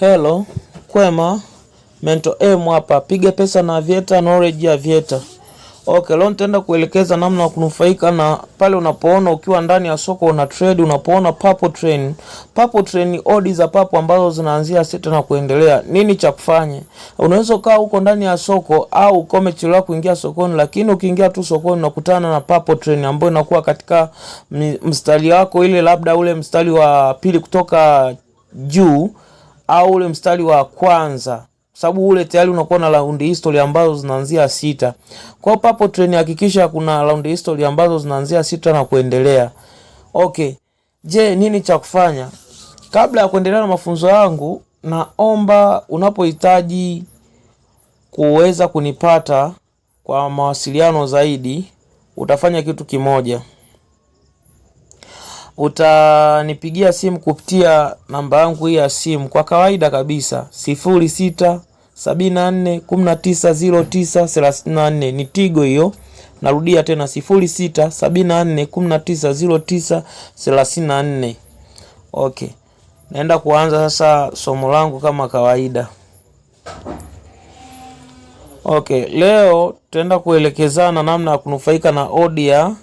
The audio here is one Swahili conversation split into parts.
Hello, kwema. Mento M hapa. Piga pesa na Aviator knowledge ya Aviator. Okay, leo nitaenda kuelekeza namna ya kunufaika na pale unapoona ukiwa ndani ya soko una trade, unapoona purple train. Purple train ni odds za papo ambazo zinaanzia sita na kuendelea. Nini cha kufanya? Unaweza kaa huko ndani ya soko au ukome chini lako kuingia sokoni, lakini ukiingia tu sokoni unakutana na purple train ambayo inakuwa katika mstari wako ile labda ule mstari wa pili kutoka juu au ule mstari wa kwanza, sababu ule tayari unakuwa na round history ambazo zinaanzia sita. Kwa hiyo papo treni hakikisha kuna round history ambazo zinaanzia sita na kuendelea. Okay, je, nini cha kufanya? Kabla ya kuendelea na mafunzo yangu, naomba unapohitaji kuweza kunipata kwa mawasiliano zaidi, utafanya kitu kimoja utanipigia simu kupitia namba yangu hii ya simu kwa kawaida kabisa, 0674190934 ni Tigo hiyo. Narudia tena 0674190934. Okay, naenda kuanza sasa somo langu kama kawaida. Okay, leo tutaenda kuelekezana namna ya kunufaika na odi ya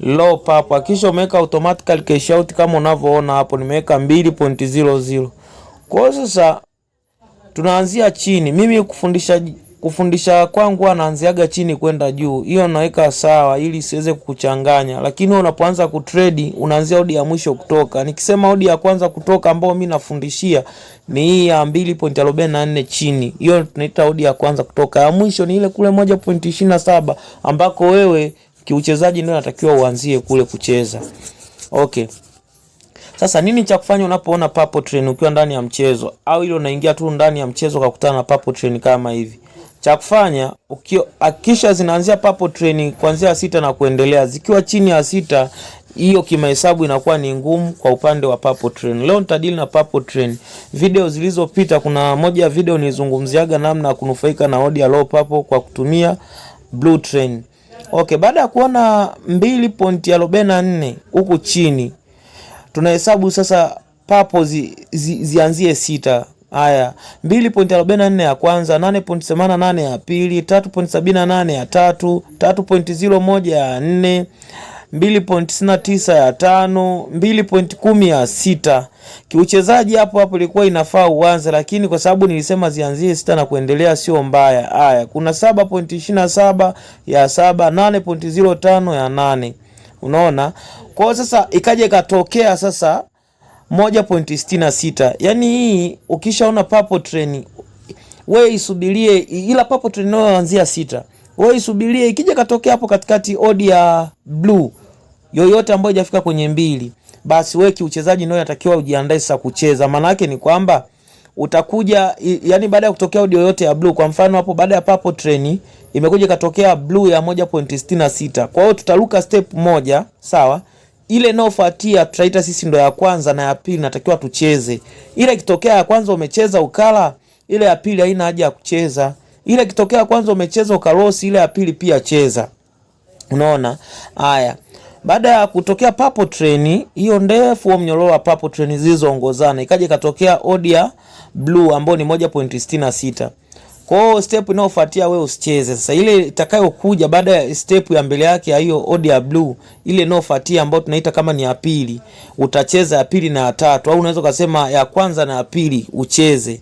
low papa, kisha umeweka automatically cash out kama unavyoona hapo, nimeweka 2.00. Kwa hiyo sasa tunaanzia chini. Mimi kufundisha kufundisha kwangu anaanziaga chini kwenda juu, hiyo naweka sawa ili siweze kukuchanganya. Lakini unapoanza kutrade unaanzia odi ya mwisho kutoka. Nikisema odi ya kwanza kutoka ambao mimi nafundishia ni hii ya 2.44 chini, hiyo tunaita odi ya kwanza kutoka. Ya mwisho ni ile kule 1.27 ambako wewe Kiuchezaji ndio natakiwa uanzie kule kucheza. Okay. Sasa nini cha kufanya unapoona purple train ukiwa ndani ya mchezo au ile unaingia tu ndani ya mchezo ukakutana na purple train kama hivi? Cha kufanya hakikisha zinaanzia purple train kuanzia sita na kuendelea. Zikiwa chini ya sita, hiyo kimahesabu inakuwa ni ngumu kwa upande wa purple train. Leo nitadili na purple train. Video zilizopita, kuna moja ya video nilizungumziaga namna ya kunufaika na odi ya low purple kwa kutumia blue train. Okay, baada ya kuona mbili pointi arobaini na nne huku chini tunahesabu sasa papo zi, zi, zianzie sita. Haya, mbili pointi arobaini na nne ya kwanza, nane pointi themanini na nane ya pili, tatu pointi sabini na nane ya tatu, tatu pointi ziro moja ya nne 2.99 ya tano, 2.10 ya sita. Kiuchezaji hapo hapo ilikuwa inafaa uanze, lakini kwa sababu nilisema zianzie sita na kuendelea sio mbaya. Haya, kuna 7.27 ya saba, 8.05 ya nane. Unaona? Kwa hiyo sasa ikaje ikatokea sasa 1.66. Yaani hii ukishaona papo train wewe isubirie, ila papo train nayo anzia sita. Wewe isubirie ikija katokea hapo katikati odi ya blue yoyote ambayo haijafika kwenye mbili, basi wewe kiuchezaji ndio unatakiwa ujiandae sasa kucheza. Maana yake ni kwamba utakuja yani, baada ya kutokea audio yote ya blue, kwa mfano hapo, baada ya papo treni imekuja ikatokea blue ya 1.66. Kwa hiyo tutaruka step moja, sawa. Ile inayofuatia tutaita sisi ndo ya kwanza na ya pili, natakiwa tucheze. Ile ikitokea ya kwanza umecheza ukala, ile ya pili haina haja ya kucheza. Ile ikitokea ya kwanza umecheza ukalosi, ile ya pili pia cheza. Unaona haya. Baada ya kutokea papo treni hiyo ndefu wa mnyororo wa papo treni zilizoongozana, ikaja ikatokea odia blue ambayo ni 1.66. Kwa step inayofuatia wewe usicheze. Sasa ile itakayokuja baada ya step ya mbele yake ya hiyo odia blue, ile inayofuatia ambayo tunaita kama ni ya pili, utacheza ya pili na ya tatu, au unaweza kusema ya kwanza na ya pili ucheze.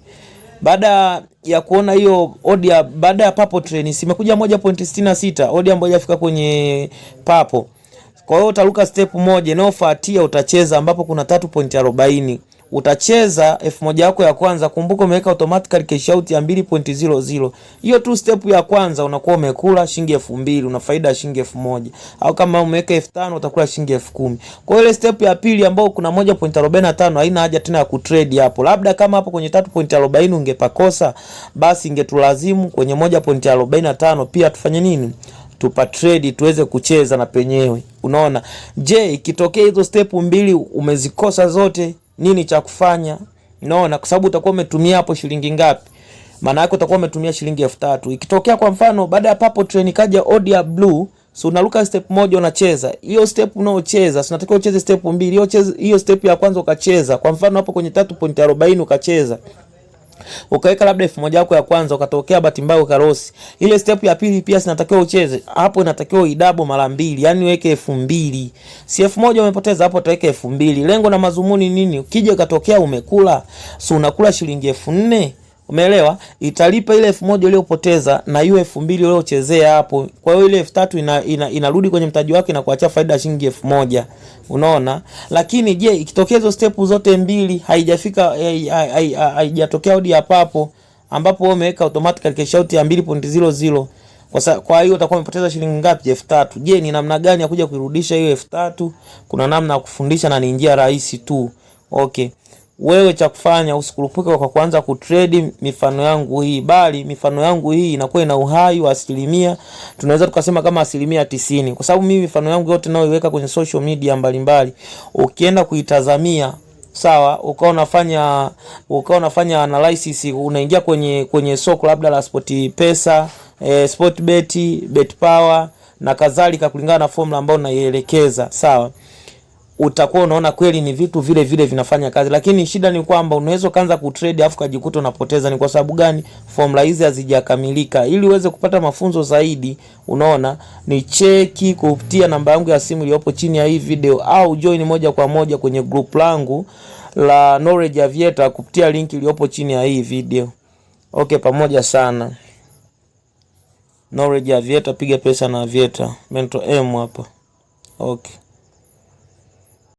Baada ya kuona hiyo odia, baada ya papo train simekuja 1.66, odia ambayo haijafika kwenye papo, kwa hiyo utaruka step moja inayofuatia utacheza, ambapo kuna 3.40 utacheza f moja yako ya kwanza. Kumbuka umeweka automatically cash out ya 2.00. Hiyo tu step ya kwanza unakuwa umekula shilingi 2000, una faida ya shilingi 1000. Au kama umeweka 5000 utakula shilingi 10000. Kwa ile step ya pili ambayo kuna 1.45 haina haja tena ya kutrade hapo. Labda kama hapo kwenye 3.40 ungepakosa, basi ingetulazimu kwenye 1.45 pia tufanye nini? Tupa trade tuweze kucheza na penyewe. Unaona, je, ikitokea hizo step mbili umezikosa zote, nini cha kufanya? Unaona, kwa sababu utakuwa umetumia hapo shilingi ngapi? Maana yake utakuwa umetumia shilingi elfu tatu. Ikitokea kwa mfano baada ya papo train kaja odi ya blue, so unaruka step moja unacheza hiyo step unaocheza, si unatakiwa ucheze step mbili. Hiyo step ya kwanza ukacheza, kwa mfano hapo kwenye 3.40 ukacheza ukaweka labda elfu moja yako ya kwanza, ukatokea bahati mbaya ukarosi, ile step ya pili pia sinatakiwa ucheze hapo, inatakiwa idabo mara mbili, yani weke elfu mbili si elfu moja umepoteza hapo, utaweka elfu mbili Lengo na mazumuni nini? Ukija ukatokea umekula, si unakula shilingi elfu nne Umeelewa? Italipa ile elfu moja uliyopoteza na hiyo elfu mbili uliochezea hapo. Kwa hiyo ile elfu tatu ina, ina, inarudi kwenye mtaji wake na kuachia faida ya shilingi elfu moja. Unaona? Lakini je, ikitokea hizo step zote mbili haijafika eh, haijatokea hadi hapa hapo ambapo wewe umeweka automatically cash out ya 2.00 kwa, kwa hiyo utakuwa umepoteza shilingi ngapi? elfu tatu. Je, ni namna gani ya kuja kuirudisha hiyo elfu tatu? Kuna namna ya kufundisha na ni njia rahisi tu. Okay wewe cha kufanya usikurupuke kwa kuanza kutredi mifano yangu hii, bali mifano yangu hii inakuwa ina uhai wa asilimia, tunaweza tukasema kama asilimia tisini, kwa sababu mimi mifano yangu yote nayoiweka kwenye social media mbalimbali Ukienda kuitazamia sawa, ukawa unafanya ukawa unafanya analysis, unaingia kwenye kwenye soko labda la Sport Pesa, eh, Sport Bet, Bet Power na kadhalika, kulingana na formula ambayo naielekeza sawa utakuwa unaona kweli ni vitu vile vile vinafanya kazi, lakini shida ni kwamba unaweza ukaanza kutrade afu kajikuta unapoteza. Ni kwa sababu gani? Formula hizi hazijakamilika. Ili uweze kupata mafunzo zaidi, unaona ni cheki kupitia namba yangu ya simu iliyopo chini ya hii video, au join moja kwa moja kwenye group langu la Knowledge Aviator kupitia link iliyopo chini ya hii video. Okay, pamoja sana. Knowledge Aviator, piga pesa na Aviator. Mentor M hapa. Okay.